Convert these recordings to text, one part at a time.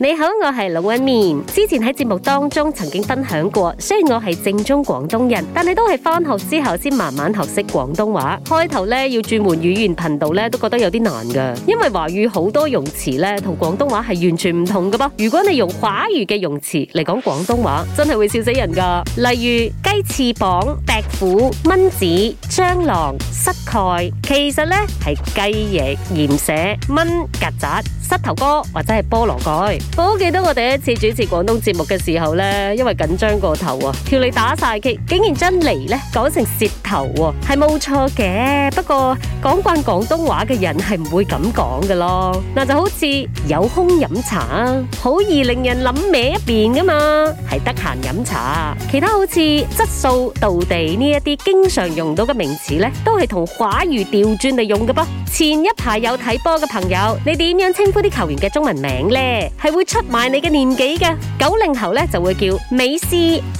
你好，我係龍紋敏。之前喺節目當中曾經分享過，雖然我係正宗廣東人，但係都係返學之後先慢慢學識廣東話。開頭呢要轉換語言頻道呢，都覺得有啲難噶。因為華語好多用詞呢同廣東話係完全唔同噶噃。如果你用華語嘅用詞嚟講廣東話，真係會笑死人噶。例如雞翅膀、壁虎、蚊子、蟑螂、膝蓋，其實呢係雞翼、鹽蛇、蚊、曱甴、膝頭哥或者係菠蘿蓋。好記得我第一次主持廣東節目嘅時候咧，因為緊張過頭啊，條脷打晒結，竟然將脷咧講成舌頭喎，係冇錯嘅。不過講慣廣東話嘅人係唔會咁講嘅咯。嗱，就好似有空飲茶啊，好易令人諗歪一邊噶嘛，係得閒飲茶啊。其他好似質素、道地呢一啲經常用到嘅名詞咧，都係同華語調轉嚟用嘅噃。前一排有睇波嘅朋友，你點樣稱呼啲球員嘅中文名咧？係？會出賣你嘅年紀嘅九零後咧，就會叫美斯、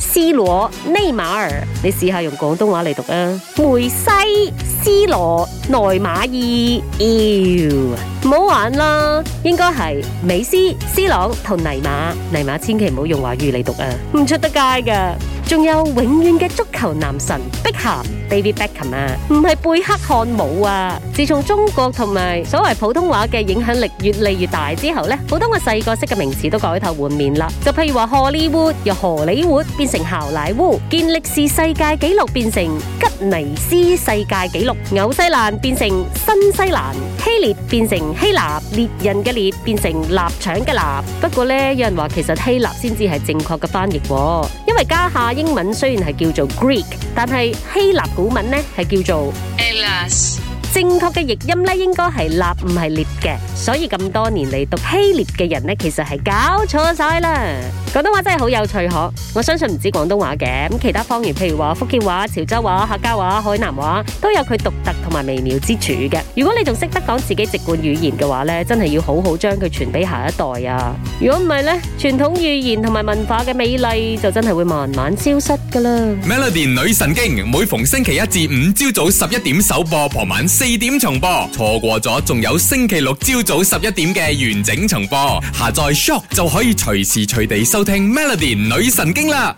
C 羅、尼馬爾。你試下用廣東話嚟讀啊！梅西、C 羅、內馬爾，唔好玩啦，應該係美斯、C 朗同尼馬。尼馬千祈唔好用華語嚟讀啊，唔出得街噶。仲有永遠嘅足球男神碧咸 Baby Beckham 啊，唔係貝克漢姆啊！自從中國同埋所謂普通話嘅影響力越嚟越大之後呢，好多我細個識嘅名詞都改頭換面啦。就譬如話 Hollywood 由荷里活變成好萊塢，健力士世界紀錄變成吉尼斯世界紀錄，紐西蘭變成新西蘭，希列變成希臘，獵人嘅獵變成臘腸嘅臘。不過呢，有人話其實希臘先至係正確嘅翻譯，因為家下。英文雖然係叫做 Greek，但係希臘古文呢，係叫做 Alas。正確嘅譯音呢，應該係「立」，唔係獵嘅。所以咁多年嚟讀希臘嘅人呢，其實係搞錯晒啦。廣東話真係好有趣學，我相信唔止廣東話嘅，咁其他方言譬如話，福建話、潮州話、客家話、海南話都有佢獨特。同埋微妙之處嘅，如果你仲識得講自己籍貫語言嘅話咧，真係要好好將佢傳俾下一代啊！如果唔係呢，傳統語言同埋文化嘅美麗就真係會慢慢消失噶啦。Melody 女神經每逢星期一至五朝早十一點首播，傍晚四點重播，錯過咗仲有星期六朝早十一點嘅完整重播。下載 Shop 就可以隨時隨地收聽 Melody 女神經啦。